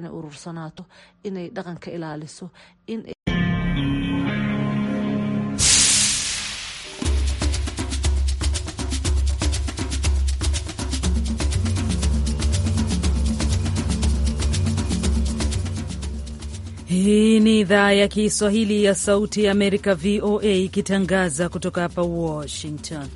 inay urursanaato inay dhaqanka ilaaliso in Hii ni idhaa ya Kiswahili ya Sauti ya Amerika, VOA, ikitangaza kutoka hapa Washington.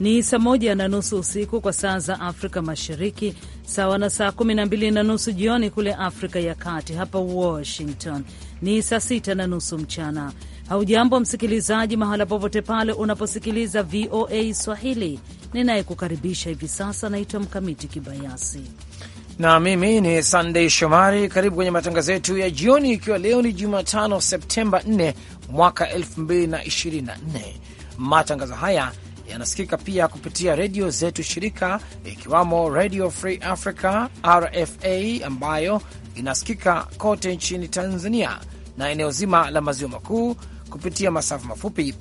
Ni saa moja na nusu usiku kwa saa za Afrika Mashariki, sawa na saa kumi na mbili na nusu jioni kule Afrika ya Kati. Hapa Washington ni saa sita na nusu mchana. Haujambo msikilizaji, mahala popote pale unaposikiliza VOA Swahili. Ninayekukaribisha hivi sasa naitwa Mkamiti Kibayasi na mimi ni Sandei Shomari. Karibu kwenye matangazo yetu ya jioni, ikiwa leo ni Jumatano Septemba 4 mwaka 2024. Matangazo haya yanasikika pia kupitia redio zetu shirika, ikiwamo Radio Free Africa RFA ambayo inasikika kote nchini Tanzania na eneo zima la maziwa makuu kupitia masafa mafupi,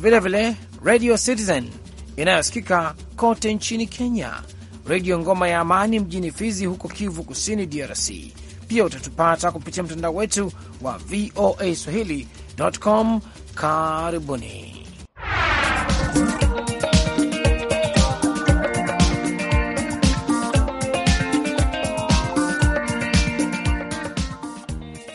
vilevile Radio Citizen inayosikika kote nchini Kenya, Redio Ngoma ya Amani mjini Fizi huko Kivu Kusini, DRC. Pia utatupata kupitia mtandao wetu wa VOA Swahili.com. Karibuni.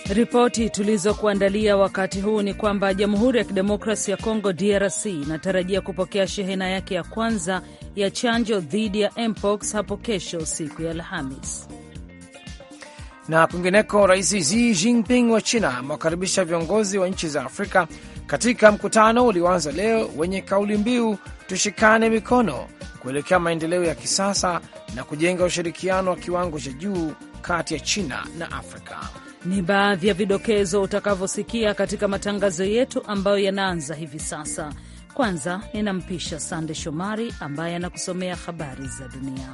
Ripoti tulizokuandalia wakati huu ni kwamba Jamhuri ya Kidemokrasi ya Kongo DRC inatarajia kupokea shehena yake ya kwanza ya chanjo dhidi ya mpox hapo kesho siku ya Alhamis. Na kwingineko, Rais Xi Jinping wa China amewakaribisha viongozi wa nchi za Afrika katika mkutano ulioanza leo wenye kauli mbiu tushikane mikono kuelekea maendeleo ya kisasa na kujenga ushirikiano wa kiwango cha juu kati ya China na Afrika. Ni baadhi ya vidokezo utakavyosikia katika matangazo yetu ambayo yanaanza hivi sasa. Kwanza ninampisha Sande Shomari ambaye anakusomea habari za dunia.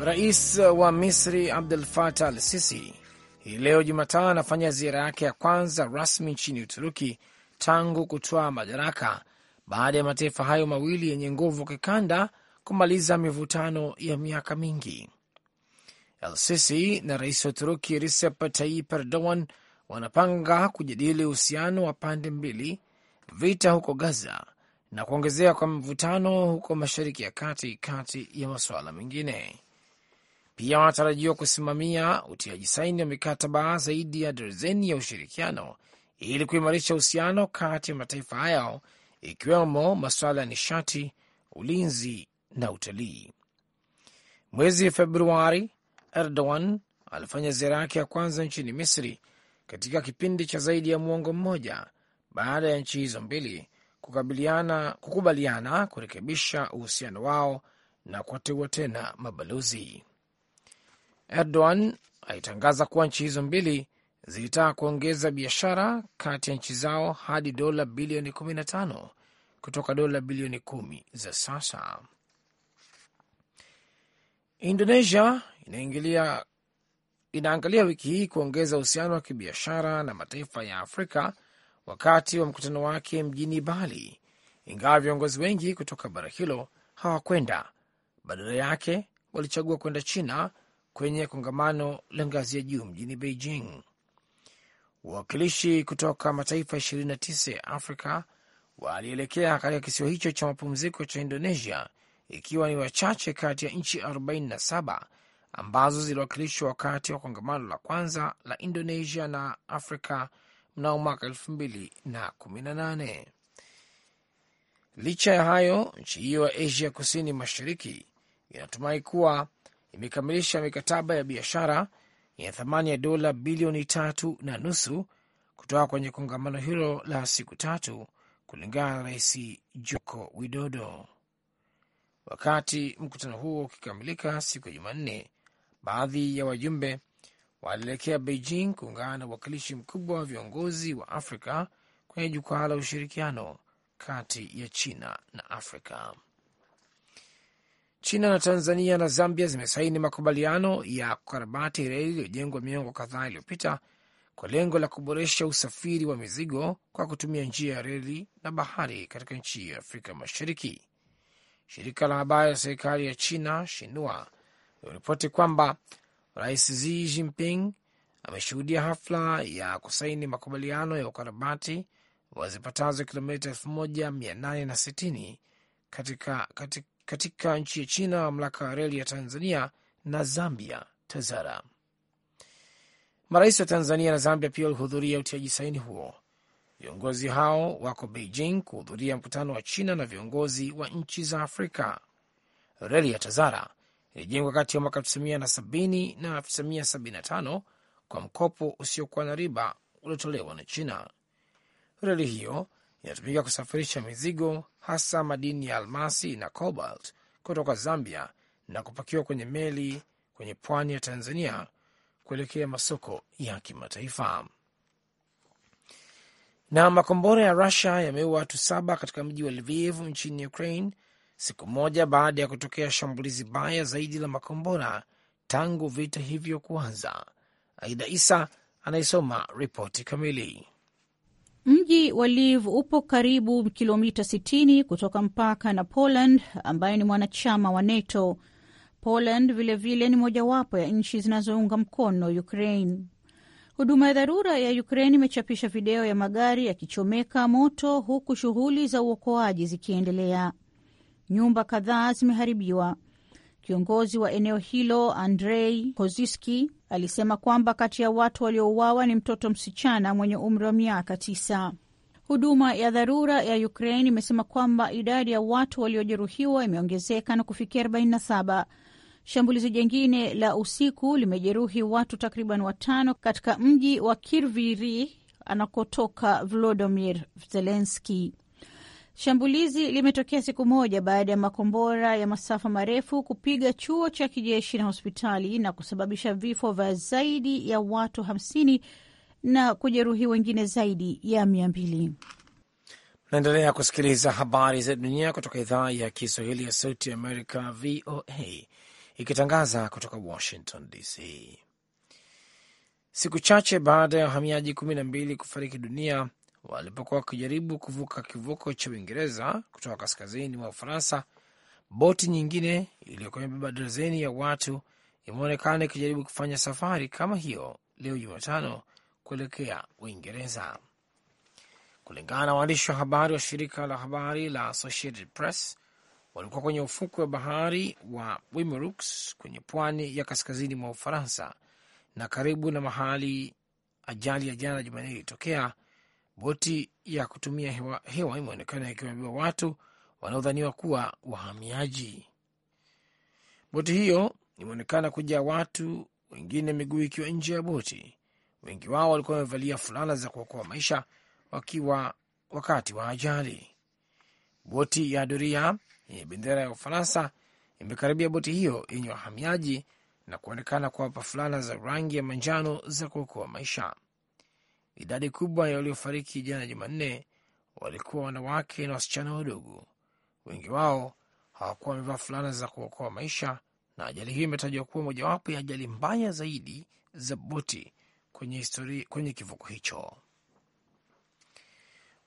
Rais wa Misri abdul fatah Al Sisi hii leo Jumatano anafanya ziara yake ya kwanza rasmi nchini Uturuki tangu kutoa madaraka baada ya mataifa hayo mawili yenye nguvu kikanda kumaliza mivutano ya miaka mingi. El Sisi na rais wa Uturuki Recep Tayyip Erdogan wanapanga kujadili uhusiano wa pande mbili, vita huko Gaza na kuongezea kwa mvutano huko Mashariki ya Kati, kati ya masuala mengine. Pia wanatarajiwa kusimamia utiaji saini wa mikataba zaidi ya darzeni ya ushirikiano ili kuimarisha uhusiano kati ya mataifa hayo ikiwemo masuala ya nishati, ulinzi na utalii. Mwezi Februari, Erdogan alifanya ziara yake ya kwanza nchini Misri katika kipindi cha zaidi ya mwongo mmoja baada ya nchi hizo mbili kukubaliana kurekebisha uhusiano wao na kuwateua tena mabalozi. Erdogan alitangaza kuwa nchi hizo mbili zilitaka kuongeza biashara kati ya nchi zao hadi dola bilioni 15 kutoka dola bilioni 1 za sasa. Indonesia inaingilia inaangalia wiki hii kuongeza uhusiano wa kibiashara na mataifa ya Afrika wakati wa mkutano wake mjini Bali, ingawa viongozi wengi kutoka bara hilo hawakwenda. Badala yake walichagua kwenda China kwenye kongamano la ngazi ya juu mjini Beijing. Wawakilishi kutoka mataifa 29 ya Afrika walielekea katika kisiwa hicho cha mapumziko cha Indonesia, ikiwa ni wachache kati ya nchi 47 ambazo ziliwakilishwa wakati wa kongamano la kwanza la Indonesia na Afrika mnamo mwaka 2018. Licha ya hayo, nchi hiyo ya Asia kusini mashariki inatumai kuwa imekamilisha mikataba ya biashara yenye thamani ya dola bilioni tatu na nusu kutoka kwenye kongamano hilo la siku tatu, kulingana na Rais Joko Widodo. Wakati mkutano huo ukikamilika siku ya Jumanne, baadhi ya wajumbe walielekea Beijing kuungana na uwakilishi mkubwa wa viongozi wa Afrika kwenye jukwaa la ushirikiano kati ya China na Afrika. China na Tanzania na Zambia zimesaini makubaliano ya kukarabati reli iliyojengwa miongo kadhaa iliyopita kwa lengo la kuboresha usafiri wa mizigo kwa kutumia njia ya reli na bahari katika nchi ya Afrika Mashariki. Shirika la habari la serikali ya China Shinua limeripoti kwamba Rais Xi Jinping ameshuhudia hafla ya kusaini makubaliano ya ukarabati wa zipatazo kilomita 1860 katika, katika, katika nchi ya China, mamlaka ya reli ya Tanzania na Zambia, TAZARA. Marais wa Tanzania na Zambia pia walihudhuria utiaji saini huo. Viongozi hao wako Beijing kuhudhuria mkutano wa China na viongozi wa nchi za Afrika. Reli ya TAZARA ilijengwa kati ya mwaka 1970 na 1975 kwa mkopo usiokuwa na riba uliotolewa na China. Reli hiyo inatumika kusafirisha mizigo, hasa madini ya almasi na cobalt kutoka Zambia na kupakiwa kwenye meli kwenye pwani ya Tanzania kuelekea masoko ya kimataifa. Na makombora ya Rusia yameua watu saba katika mji wa Lviv nchini Ukraine, siku moja baada ya kutokea shambulizi baya zaidi la makombora tangu vita hivyo kuanza. Aida Isa anaisoma ripoti kamili. Mji wa Lviv upo karibu kilomita 60 kutoka mpaka na Poland ambaye ni mwanachama wa NATO. Poland vilevile vile ni mojawapo ya nchi zinazounga mkono Ukraine. Huduma ya dharura ya Ukraine imechapisha video ya magari yakichomeka moto huku shughuli za uokoaji zikiendelea. Nyumba kadhaa zimeharibiwa. Kiongozi wa eneo hilo Andrei Koziski alisema kwamba kati ya watu waliouawa ni mtoto msichana mwenye umri wa miaka tisa. Huduma ya dharura ya Ukraine imesema kwamba idadi ya watu waliojeruhiwa imeongezeka na kufikia 47. Shambulizi jingine la usiku limejeruhi watu takriban watano katika mji wa Kirviri anakotoka vlodomir zelenski Shambulizi limetokea siku moja baada ya makombora ya masafa marefu kupiga chuo cha kijeshi na hospitali na kusababisha vifo vya zaidi ya watu hamsini na kujeruhi wengine zaidi ya mia mbili. Naendelea kusikiliza habari za dunia kutoka idhaa ya Kiswahili ya Sauti ya Amerika, VOA, ikitangaza kutoka Washington DC. Siku chache baada ya wahamiaji kumi na mbili kufariki dunia walipokuwa wakijaribu kuvuka kivuko cha Uingereza kutoka kaskazini mwa Ufaransa, boti nyingine iliyokuwa imebeba dozeni ya watu imeonekana ikijaribu kufanya safari kama hiyo leo Jumatano kuelekea Uingereza. Kulingana na waandishi wa habari wa shirika la habari la Associated Press, walikuwa kwenye ufukwe wa bahari wa Wimerux kwenye pwani ya kaskazini mwa Ufaransa na karibu na mahali ajali ya jana Jumanne ilitokea Boti ya kutumia hewa, hewa imeonekana ikiwabeba watu wanaodhaniwa kuwa wahamiaji. Boti hiyo imeonekana kujaa watu wengine, miguu ikiwa nje ya boti. Wengi wao walikuwa wamevalia fulana za kuokoa maisha wakiwa wakati wa ajali. Boti ya doria yenye bendera ya Ufaransa imekaribia boti hiyo yenye wahamiaji na kuonekana kuwapa fulana za rangi ya manjano za kuokoa maisha. Idadi kubwa ya waliofariki jana Jumanne walikuwa wanawake na wasichana wadogo. Wengi wao hawakuwa wamevaa fulana za kuokoa maisha, na ajali hiyo imetajwa kuwa mojawapo ya ajali mbaya zaidi za boti kwenye, kwenye kivuko hicho.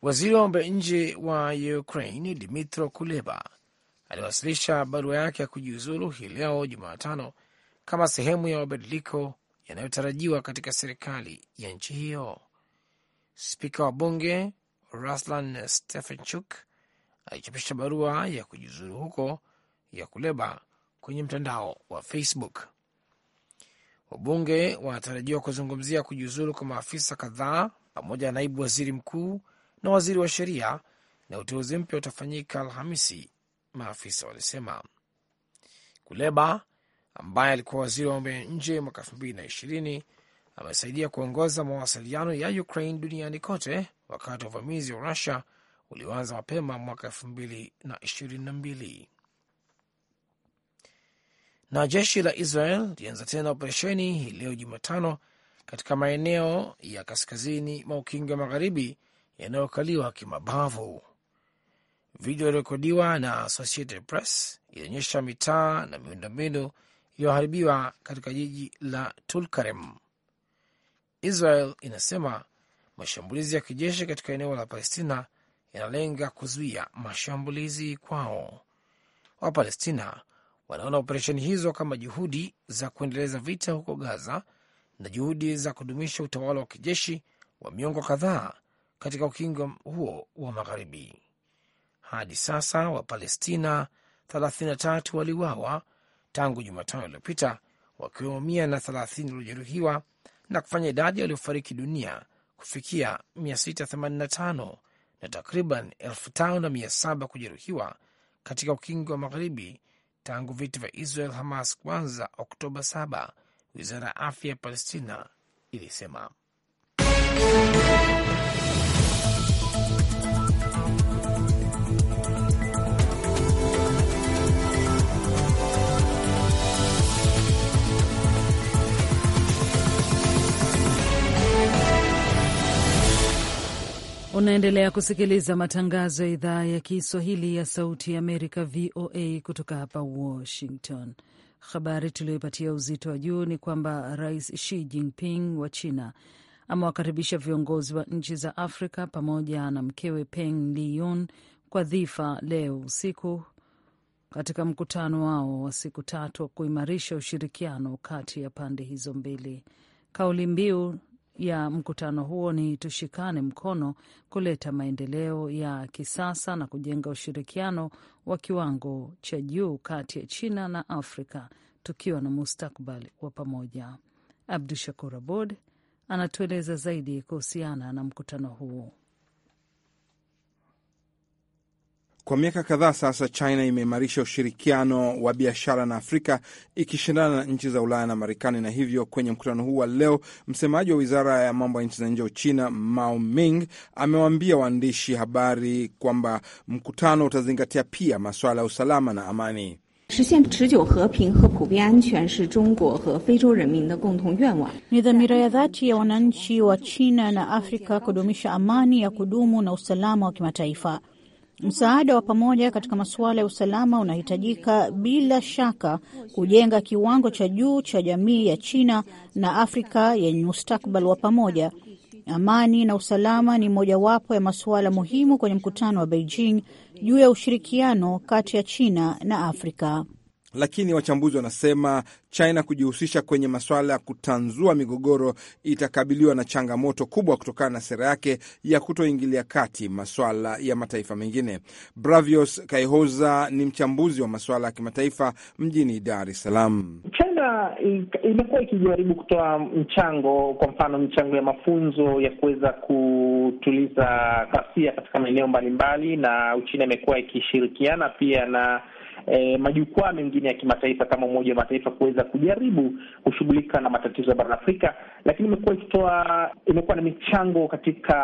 Waziri wa mambo ya nje wa Ukraine dmitro Kuleba aliwasilisha barua yake ya kujiuzulu hii leo Jumatano kama sehemu ya mabadiliko yanayotarajiwa katika serikali ya nchi hiyo. Spika wa bunge Ruslan Stefenchuk alichapisha barua ya kujiuzuru huko ya Kuleba kwenye mtandao wa Facebook. Wabunge wanatarajiwa kuzungumzia kujiuzuru kwa maafisa kadhaa pamoja na naibu waziri mkuu na waziri wa sheria, na uteuzi mpya utafanyika Alhamisi, maafisa walisema. Kuleba ambaye alikuwa waziri wa mambo ya nje mwaka elfu mbili na ishirini amesaidia kuongoza mawasiliano ya Ukraine duniani kote wakati wa uvamizi wa Rusia ulioanza mapema mwaka elfu mbili na ishirini na mbili. Na jeshi la Israel lianza tena operesheni hii leo Jumatano katika maeneo ya kaskazini mwa ukingo wa magharibi yanayokaliwa kimabavu. Video iliyorekodiwa na Associated Press ilionyesha mitaa na miundombinu iliyoharibiwa katika jiji la Tulkarem Israel inasema mashambulizi ya kijeshi katika eneo la Palestina yanalenga kuzuia mashambulizi kwao. Wapalestina wanaona operesheni hizo kama juhudi za kuendeleza vita huko Gaza na juhudi za kudumisha utawala wa kijeshi wa miongo kadhaa katika ukingo huo wa magharibi. Hadi sasa Wapalestina 33 waliuawa tangu Jumatano iliyopita, wakiwemo mia waliojeruhiwa na kufanya idadi waliofariki dunia kufikia 685 na takriban 5700 kujeruhiwa katika ukingo wa magharibi tangu vita vya Israel Hamas kwanza Oktoba 7, wizara ya afya ya Palestina ilisema. Unaendelea kusikiliza matangazo ya idhaa ya Kiswahili ya Sauti ya Amerika, VOA, kutoka hapa Washington. Habari tuliyoipatia uzito wa juu ni kwamba Rais Xi Jinping wa China amewakaribisha viongozi wa nchi za Afrika pamoja na mkewe Peng Liyuan kwa dhifa leo usiku katika mkutano wao wa siku tatu wa kuimarisha ushirikiano kati ya pande hizo mbili. Kauli mbiu ya mkutano huo ni tushikane mkono kuleta maendeleo ya kisasa na kujenga ushirikiano wa kiwango cha juu kati ya China na Afrika tukiwa na mustakbali wa pamoja. Abdu Shakur Abod anatueleza zaidi kuhusiana na mkutano huo. Kwa miaka kadhaa sasa China imeimarisha ushirikiano wa biashara na Afrika ikishindana na nchi za Ulaya na Marekani, na hivyo kwenye mkutano huu wa leo, msemaji wa wizara ya mambo ya nchi za nje wa Uchina Mao Ming amewaambia waandishi habari kwamba mkutano utazingatia pia masuala ya usalama na amani. Ni dhamira ya dhati ya wananchi wa China na Afrika kudumisha amani ya kudumu na usalama wa kimataifa. Msaada wa pamoja katika masuala ya usalama unahitajika bila shaka kujenga kiwango cha juu cha jamii ya China na Afrika yenye mustakbal wa pamoja. Amani na usalama ni mojawapo ya masuala muhimu kwenye mkutano wa Beijing juu ya ushirikiano kati ya China na Afrika lakini wachambuzi wanasema China kujihusisha kwenye masuala ya kutanzua migogoro itakabiliwa na changamoto kubwa kutokana na sera yake ya kutoingilia kati maswala ya mataifa mengine. Bravios Kaihoza ni mchambuzi wa masuala ya kimataifa mjini Dar es Salaam. China imekuwa ikijaribu kutoa mchango, kwa mfano michango ya mafunzo ya kuweza kutuliza ghasia katika maeneo mbalimbali, na Uchina imekuwa ikishirikiana pia na eh, majukwaa mengine ya kimataifa kama Umoja wa Mataifa kuweza kujaribu kushughulika na matatizo ya barani Afrika, lakini imekuwa ikitoa imekuwa na michango katika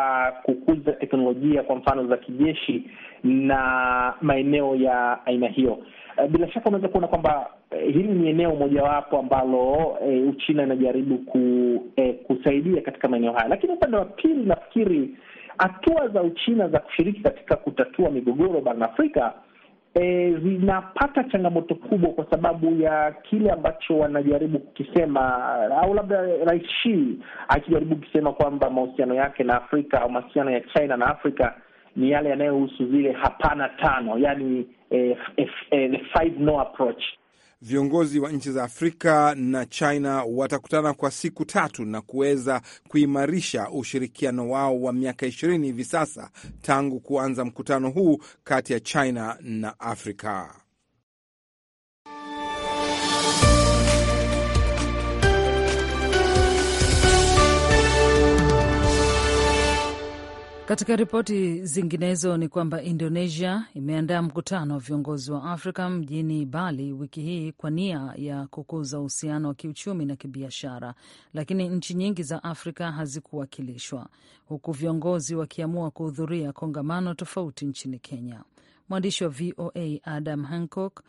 kukuza teknolojia kwa mfano za kijeshi na maeneo ya aina hiyo. E, bila shaka unaweza kuona kwamba e, hili ni eneo mojawapo ambalo e, Uchina inajaribu ku, e, kusaidia katika maeneo haya, lakini upande wa pili nafikiri hatua za Uchina za kushiriki katika kutatua migogoro barani Afrika e, zinapata changamoto kubwa kwa sababu ya kile ambacho wanajaribu kukisema, au labda Rais Xi akijaribu kukisema kwamba mahusiano yake na Afrika au mahusiano ya China na Afrika ni yale yanayohusu zile hapana tano, yani eh, eh, eh, the five no approach viongozi wa nchi za Afrika na China watakutana kwa siku tatu na kuweza kuimarisha ushirikiano wao wa miaka ishirini hivi sasa tangu kuanza mkutano huu kati ya China na Afrika. Katika ripoti zinginezo ni kwamba Indonesia imeandaa mkutano wa viongozi wa Afrika mjini Bali wiki hii kwa nia ya kukuza uhusiano wa kiuchumi na kibiashara, lakini nchi nyingi za Afrika hazikuwakilishwa huku viongozi wakiamua kuhudhuria kongamano tofauti nchini Kenya. Mwandishi wa VOA Adam Hancock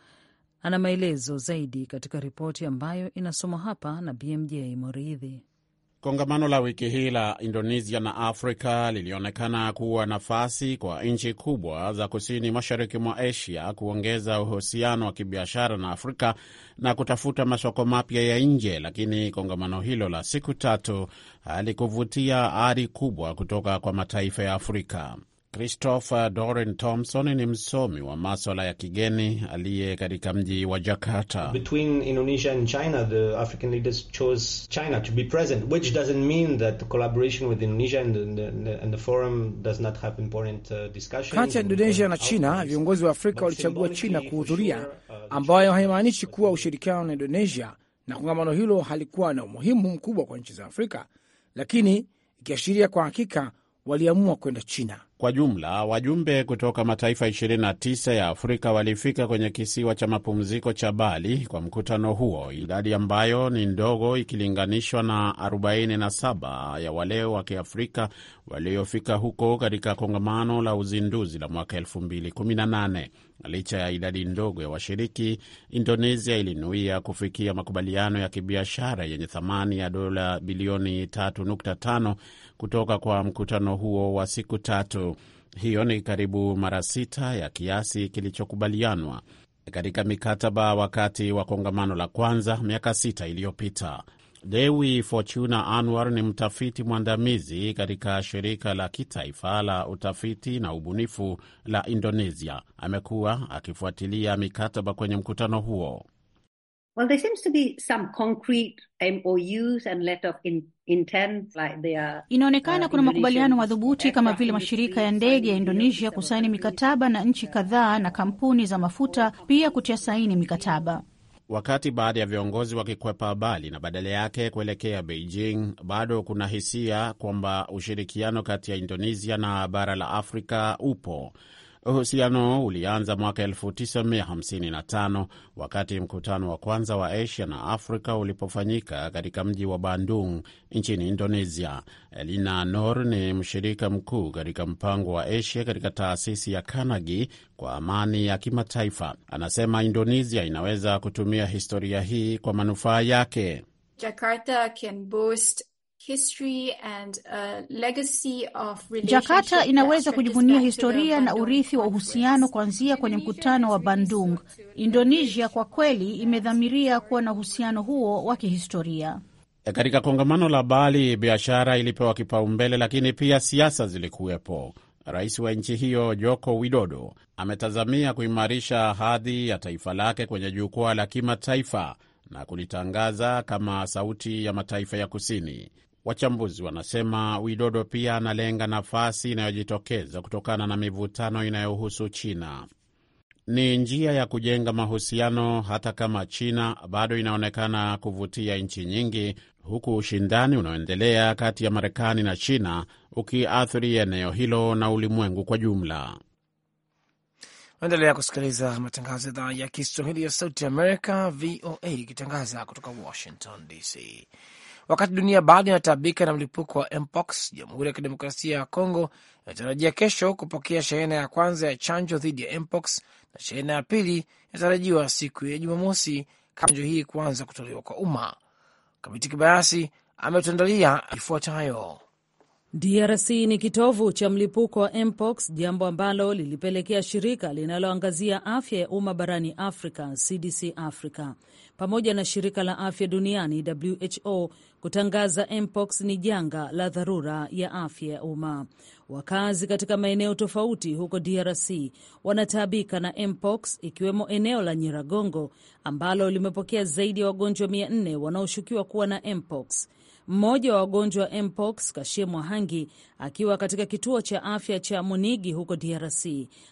ana maelezo zaidi katika ripoti ambayo inasomwa hapa na BMJ Moridhi. Kongamano la wiki hii la Indonesia na Afrika lilionekana kuwa nafasi kwa nchi kubwa za kusini mashariki mwa Asia kuongeza uhusiano wa kibiashara na Afrika na kutafuta masoko mapya ya nje, lakini kongamano hilo la siku tatu halikuvutia ari kubwa kutoka kwa mataifa ya Afrika. Christopher Doren Thompson ni msomi wa maswala ya kigeni aliye katika mji wa Jakarta. Kati ya Indonesia na China, viongozi wa Afrika walichagua China kuhudhuria, uh, ambayo haimaanishi kuwa ushirikiano na Indonesia na kongamano hilo halikuwa na umuhimu mkubwa kwa nchi za Afrika, lakini ikiashiria kwa hakika waliamua kwenda China. Kwa jumla wajumbe kutoka mataifa 29 ya Afrika walifika kwenye kisiwa cha mapumziko cha Bali kwa mkutano huo, idadi ambayo ni ndogo ikilinganishwa na 47 ya wale wa Kiafrika waliofika huko katika kongamano la uzinduzi la mwaka 2018. Licha ya idadi ndogo ya washiriki, Indonesia ilinuia kufikia makubaliano ya kibiashara yenye thamani ya dola bilioni 3.5 kutoka kwa mkutano huo wa siku tatu. Hiyo ni karibu mara sita ya kiasi kilichokubalianwa katika mikataba wakati wa kongamano la kwanza miaka sita iliyopita. Dewi Fortuna Anwar ni mtafiti mwandamizi katika shirika la kitaifa la utafiti na ubunifu la Indonesia. Amekuwa akifuatilia mikataba kwenye mkutano huo. Well, there seems to be some concrete MOUs and letter of intent like they are. Inaonekana uh, kuna makubaliano madhubuti kama vile mashirika ya ndege ya Indonesia kusaini mikataba na nchi kadhaa na kampuni za mafuta pia kutia saini mikataba. Wakati baadhi ya viongozi wakikwepa Bali na badala yake kuelekea Beijing, bado kuna hisia kwamba ushirikiano kati ya Indonesia na bara la Afrika upo Uhusiano ulianza mwaka 1955 wakati mkutano wa kwanza wa Asia na Afrika ulipofanyika katika mji wa Bandung nchini Indonesia. Elina Nor ni mshirika mkuu katika mpango wa Asia katika taasisi ya Carnegie kwa amani ya kimataifa. Anasema Indonesia inaweza kutumia historia hii kwa manufaa yake. Jakarta can boost jakata Jakarta inaweza kujivunia historia na urithi wa uhusiano kuanzia kwenye mkutano wa Bandung. Indonesia kwa kweli imedhamiria kuwa na uhusiano huo wa kihistoria. E, katika kongamano la Bali, biashara ilipewa kipaumbele, lakini pia siasa zilikuwepo. Rais wa nchi hiyo Joko Widodo ametazamia kuimarisha hadhi ya taifa lake kwenye jukwaa la kimataifa na kulitangaza kama sauti ya mataifa ya kusini. Wachambuzi wanasema Widodo pia analenga nafasi inayojitokeza kutokana na mivutano inayohusu China. Ni njia ya kujenga mahusiano, hata kama China bado inaonekana kuvutia nchi nyingi, huku ushindani unaoendelea kati ya Marekani na China ukiathiri eneo hilo na ulimwengu kwa jumla. Endelea kusikiliza matangazo ya idhaa ya Kiswahili ya Sauti Amerika, VOA, ikitangaza kutoka Washington DC. Wakati dunia bado inataabika na mlipuko wa mpox, Jamhuri ya Kidemokrasia ya Kongo inatarajia kesho kupokea shehena ya kwanza ya chanjo dhidi ya mpox na shehena ya pili inatarajiwa siku ya Jumamosi chanjo hii kuanza kutolewa kwa umma. Kamiti Kibayasi ametuandalia ifuatayo. DRC ni kitovu cha mlipuko wa mpox, jambo ambalo lilipelekea shirika linaloangazia afya ya umma barani Afrika, CDC Africa, pamoja na shirika la afya duniani WHO kutangaza mpox ni janga la dharura ya afya ya umma. Wakazi katika maeneo tofauti huko DRC wanataabika na mpox, ikiwemo eneo la Nyiragongo ambalo limepokea zaidi ya wagonjwa 400 wanaoshukiwa kuwa na mpox. Mmoja wa wagonjwa wa mpox Kashie Mwahangi akiwa katika kituo cha afya cha Munigi huko DRC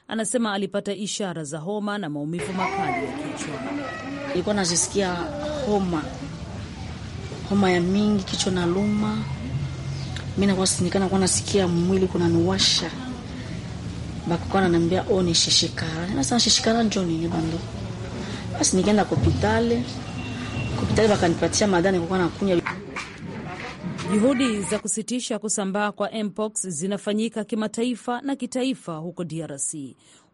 anasema alipata ishara za homa na maumivu makali ya kichwa nilikuwa najisikia homa, homa ya mingi, kichwa na luma, mi nakuwa kuwa nasikia mwili kunaniwasha, bakikuwa nanambia o oh, ni shishikara. Sasa shishikara njo nini bando? Basi nikaenda kopitale, kopitale bakanipatia madawa nikuwa nakunya Juhudi za kusitisha kusambaa kwa mpox zinafanyika kimataifa na kitaifa huko DRC.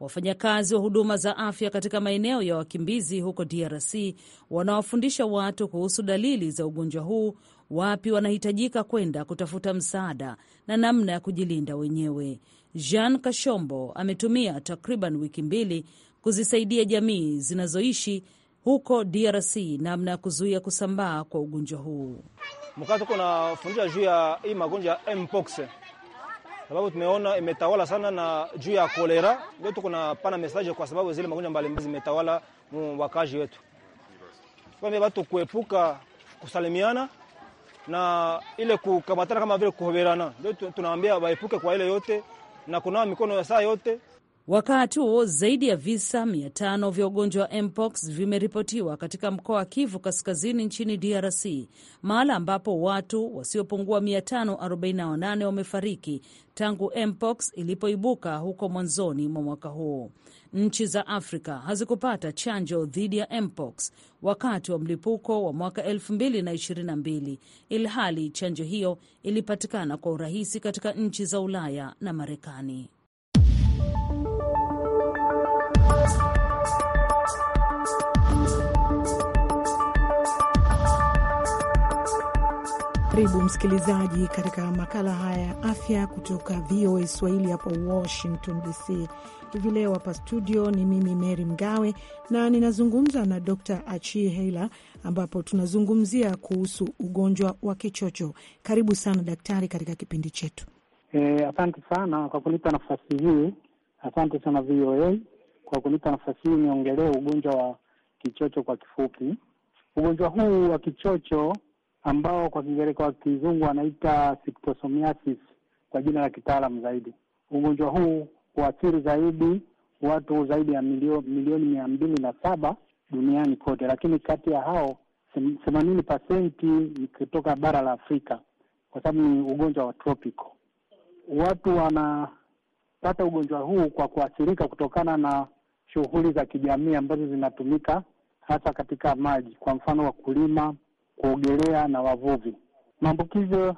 Wafanyakazi wa huduma za afya katika maeneo ya wakimbizi huko DRC wanawafundisha watu kuhusu dalili za ugonjwa huu, wapi wanahitajika kwenda kutafuta msaada na namna ya kujilinda wenyewe. Jean Kashombo ametumia takriban wiki mbili kuzisaidia jamii zinazoishi huko DRC namna ya kuzuia kusambaa kwa ugonjwa huu. mkaa tuko nafundisha juu ya hii magonjwa ya mpox, sababu tumeona imetawala sana, na juu ya kolera ndio tuko na pana message, kwa sababu zile magonjwa mbalimbali zimetawala wakazi wetu, kwamba watu kuepuka kusalimiana na ile kukamatana kama vile kuhoberana, ndio tunaambia waepuke kwa ile yote na kunawa mikono ya saa yote Wakati huo zaidi ya visa 500 vya ugonjwa wa mpox vimeripotiwa katika mkoa wa Kivu Kaskazini nchini DRC, mahala ambapo watu wasiopungua 548 wamefariki tangu mpox ilipoibuka huko mwanzoni mwa mwaka huu. Nchi za Afrika hazikupata chanjo dhidi ya mpox wakati wa mlipuko wa mwaka 2022 ilhali chanjo hiyo ilipatikana kwa urahisi katika nchi za Ulaya na Marekani. Karibu msikilizaji katika makala haya ya afya kutoka VOA Swahili hapa Washington DC. Hivi leo hapa studio ni mimi Mary Mgawe na ninazungumza na Dr Achi Heila, ambapo tunazungumzia kuhusu ugonjwa wa kichocho. Karibu sana daktari katika kipindi chetu. E, asante sana kwa kunipa nafasi hii. Asante sana VOA kwa kunipa nafasi hii niongelee ugonjwa wa kichocho kwa kifupi. Ugonjwa huu wa kichocho ambao kwa Kiingereza, kwa Kizungu wanaita schistosomiasis kwa jina la kitaalamu zaidi. Ugonjwa huu huathiri zaidi watu zaidi ya milio, milioni mia mbili na saba duniani kote, lakini kati ya hao themanini pasenti ni kutoka bara la Afrika kwa sababu ni ugonjwa wa tropical. Watu wanapata ugonjwa huu kwa kuathirika kutokana na shughuli za kijamii ambazo zinatumika hasa katika maji, kwa mfano wakulima, kuogelea na wavuvi. Maambukizo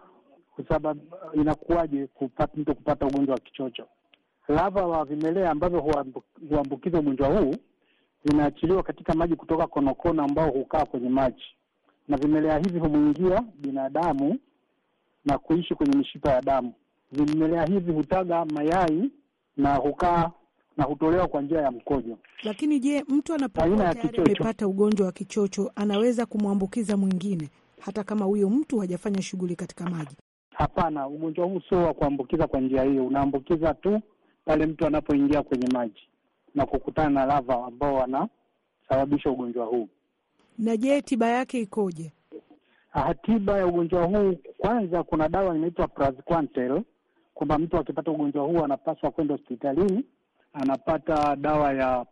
inakuwaje kupata, mtu kupata ugonjwa wa kichocho? Lava wa vimelea ambavyo huambukiza ugonjwa huu vinaachiliwa katika maji kutoka konokono ambao hukaa kwenye maji, na vimelea hivi humwingia binadamu na kuishi kwenye mishipa ya damu. Vimelea hivi hutaga mayai na hukaa na hutolewa kwa njia ya mkojo. Lakini je, mtu anapokuwa amepata ugonjwa wa kichocho anaweza kumwambukiza mwingine hata kama huyo mtu hajafanya shughuli katika maji? Hapana, ugonjwa huu sio wa kuambukiza kwa njia hiyo. Unaambukiza tu pale mtu anapoingia kwenye maji na kukutana na lava ambao wanasababisha ugonjwa huu. Na je, tiba yake ikoje? Ah, tiba ya ugonjwa huu, kwanza kuna dawa inaitwa Praziquantel, kwamba mtu akipata ugonjwa huu anapaswa kwenda hospitalini anapata dawa ya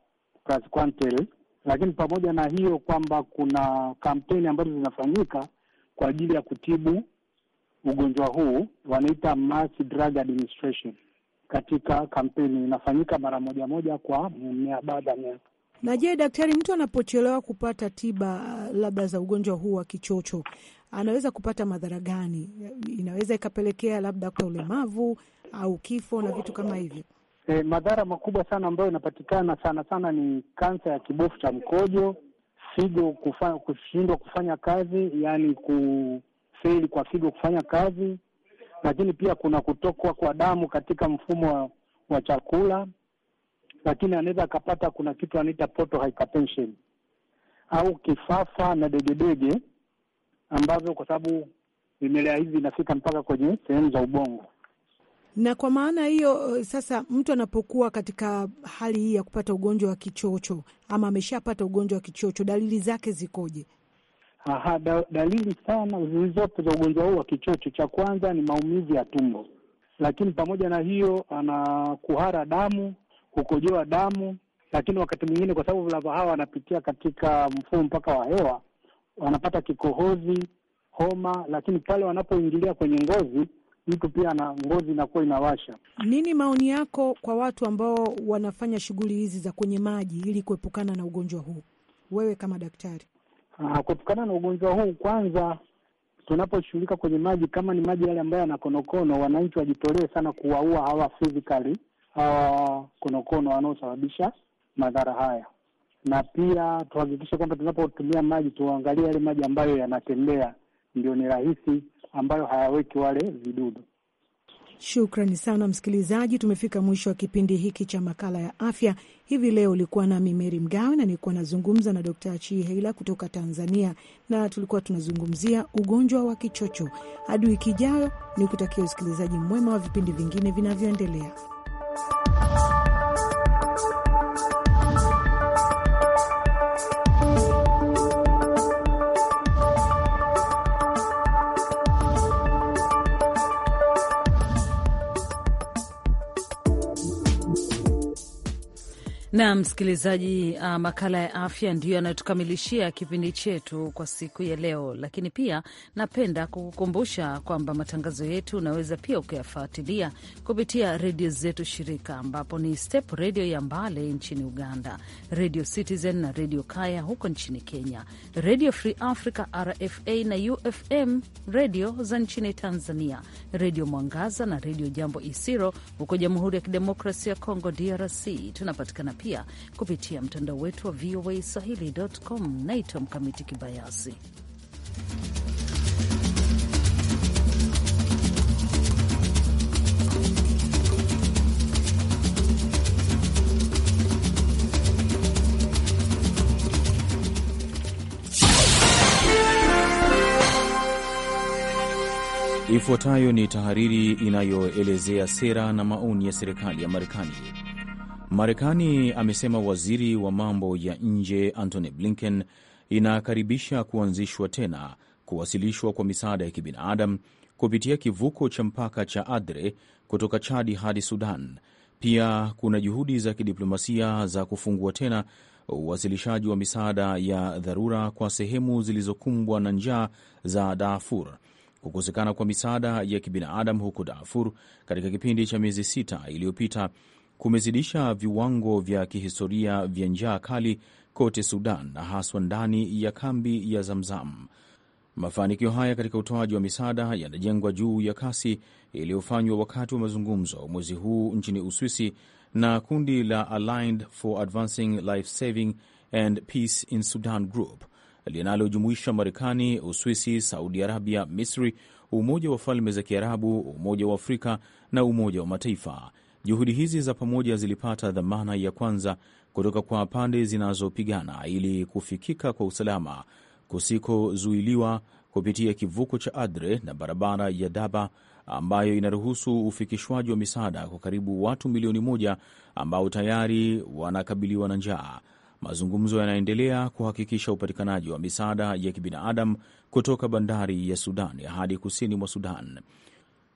Praziquantel, lakini pamoja na hiyo kwamba kuna kampeni ambazo zinafanyika kwa ajili ya kutibu ugonjwa huu, wanaita Mass Drug Administration. Katika kampeni inafanyika mara moja moja kwa mia baada ya miaka na je, daktari, mtu anapochelewa kupata tiba uh, labda za ugonjwa huu wa kichocho anaweza kupata madhara gani? Inaweza ikapelekea labda kwa ulemavu au kifo na vitu kama hivyo. E, madhara makubwa sana ambayo inapatikana sana sana ni kansa ya kibofu cha mkojo, figo kufanya, kushindwa kufanya kazi, yaani kufeli kwa figo kufanya kazi, lakini pia kuna kutokwa kwa damu katika mfumo wa, wa chakula, lakini anaweza akapata kuna kitu anaita portal hypertension au kifafa na degedege ambazo kwa sababu vimelea hivi vinafika mpaka kwenye sehemu za ubongo na kwa maana hiyo eh, sasa, mtu anapokuwa katika hali hii ya kupata ugonjwa wa kichocho ama ameshapata ugonjwa wa kichocho, dalili zake zikoje? Aha, da, dalili sana zilizopo za ugonjwa huu wa kichocho, cha kwanza ni maumivu ya tumbo, lakini pamoja na hiyo ana kuhara damu, kukojoa damu, lakini wakati mwingine kwa sababu lava hawa wanapitia katika mfumo mpaka wa hewa, wanapata kikohozi, homa, lakini pale wanapoingilia kwenye ngozi mtu pia na ngozi inakuwa inawasha. Nini maoni yako kwa watu ambao wanafanya shughuli hizi za kwenye maji ili kuepukana na ugonjwa huu, wewe kama daktari? Ah, kuepukana na ugonjwa huu, kwanza tunaposhughulika kwenye maji, kama ni maji yale ambayo yana konokono, wananchi wajitolee sana kuwaua hawa physically hawa konokono wanaosababisha madhara haya, na pia tuhakikishe kwamba tunapotumia maji tuangalie yale maji ambayo yanatembea ndio ni rahisi, ambayo hayaweki wale vidudu. Shukrani sana msikilizaji, tumefika mwisho wa kipindi hiki cha makala ya afya hivi leo. Ulikuwa nami Meri Mgawe na nilikuwa nazungumza na Dkt. Chiheila kutoka Tanzania, na tulikuwa tunazungumzia ugonjwa wa kichocho. Hadi wiki ijayo, ni kutakia usikilizaji mwema wa vipindi vingine vinavyoendelea. na msikilizaji, uh, makala ya afya ndiyo yanayotukamilishia kipindi chetu kwa siku ya leo, lakini pia napenda kukukumbusha kwamba matangazo yetu unaweza pia ukayafuatilia kupitia redio zetu shirika, ambapo ni Step Redio ya Mbale nchini Uganda, Redio Citizen na Redio Kaya huko nchini Kenya, Redio Free Africa RFA na UFM redio za nchini Tanzania, Redio Mwangaza na Redio Jambo Isiro huko Jamhuri ya Kidemokrasia ya Kongo DRC. Tunapatikana pia kupitia mtandao wetu wa VOA Swahili.com. Naitwa Mkamiti Kibayasi. Ifuatayo ni tahariri inayoelezea sera na maoni ya serikali ya Marekani. Marekani amesema waziri wa mambo ya nje Antony Blinken inakaribisha kuanzishwa tena kuwasilishwa kwa misaada ya kibinadamu kupitia kivuko cha mpaka cha Adre kutoka Chadi hadi Sudan. Pia kuna juhudi za kidiplomasia za kufungua tena uwasilishaji wa misaada ya dharura kwa sehemu zilizokumbwa na njaa za Darfur. Kukosekana kwa misaada ya kibinadamu huko Darfur katika kipindi cha miezi sita iliyopita kumezidisha viwango vya kihistoria vya njaa kali kote Sudan na haswa ndani ya kambi ya Zamzam. Mafanikio haya katika utoaji wa misaada yanajengwa juu ya kasi iliyofanywa wakati wa mazungumzo mwezi huu nchini Uswisi na kundi la Aligned for Advancing Life Saving and Peace in Sudan Group linalojumuisha Marekani, Uswisi, Saudi Arabia, Misri, Umoja wa Falme za Kiarabu, Umoja wa Afrika na Umoja wa Mataifa. Juhudi hizi za pamoja zilipata dhamana ya kwanza kutoka kwa pande zinazopigana ili kufikika kwa usalama kusikozuiliwa kupitia kivuko cha Adre na barabara ya Daba ambayo inaruhusu ufikishwaji wa misaada kwa karibu watu milioni moja ambao tayari wanakabiliwa na njaa. Mazungumzo yanaendelea kuhakikisha upatikanaji wa misaada ya kibinadamu kutoka bandari ya Sudan hadi kusini mwa Sudan.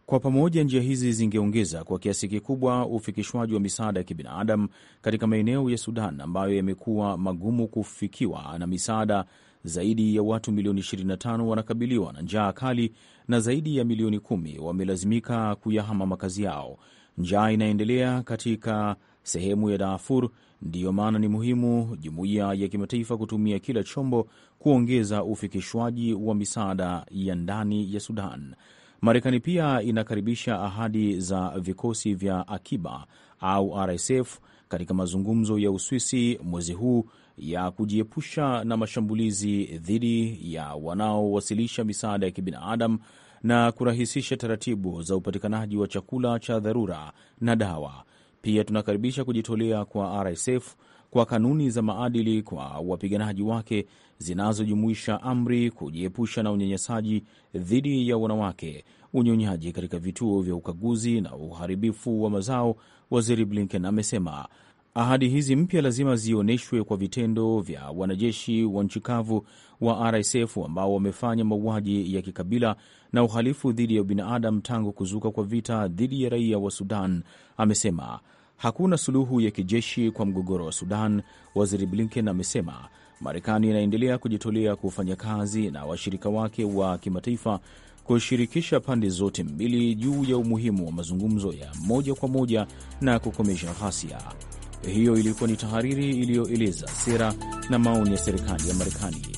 Kwa pamoja, njia hizi zingeongeza kwa kiasi kikubwa ufikishwaji wa misaada ya kibinadamu katika maeneo ya Sudan ambayo yamekuwa magumu kufikiwa na misaada. Zaidi ya watu milioni 25 wanakabiliwa na njaa kali na zaidi ya milioni kumi wamelazimika kuyahama makazi yao. Njaa inaendelea katika sehemu ya Darfur. Ndiyo maana ni muhimu jumuiya ya kimataifa kutumia kila chombo kuongeza ufikishwaji wa misaada ya ndani ya Sudan. Marekani pia inakaribisha ahadi za vikosi vya akiba au RSF katika mazungumzo ya Uswisi mwezi huu ya kujiepusha na mashambulizi dhidi ya wanaowasilisha misaada ya kibinadamu na kurahisisha taratibu za upatikanaji wa chakula cha dharura na dawa. Pia tunakaribisha kujitolea kwa RSF kwa kanuni za maadili kwa wapiganaji wake zinazojumuisha amri kujiepusha na unyanyasaji dhidi ya wanawake, unyonyaji katika vituo vya ukaguzi na uharibifu wa mazao. Waziri Blinken amesema ahadi hizi mpya lazima zionyeshwe kwa vitendo vya wanajeshi wa nchi kavu wa RSF ambao wamefanya mauaji ya kikabila na uhalifu dhidi ya binadamu tangu kuzuka kwa vita dhidi ya raia wa Sudan, amesema hakuna suluhu ya kijeshi kwa mgogoro wa Sudan, Waziri Blinken amesema. Marekani inaendelea kujitolea kufanya kazi na washirika wake wa kimataifa kushirikisha pande zote mbili juu ya umuhimu wa mazungumzo ya moja kwa moja na kukomesha ghasia. Hiyo ilikuwa ni tahariri iliyoeleza sera na maoni ya serikali ya Marekani.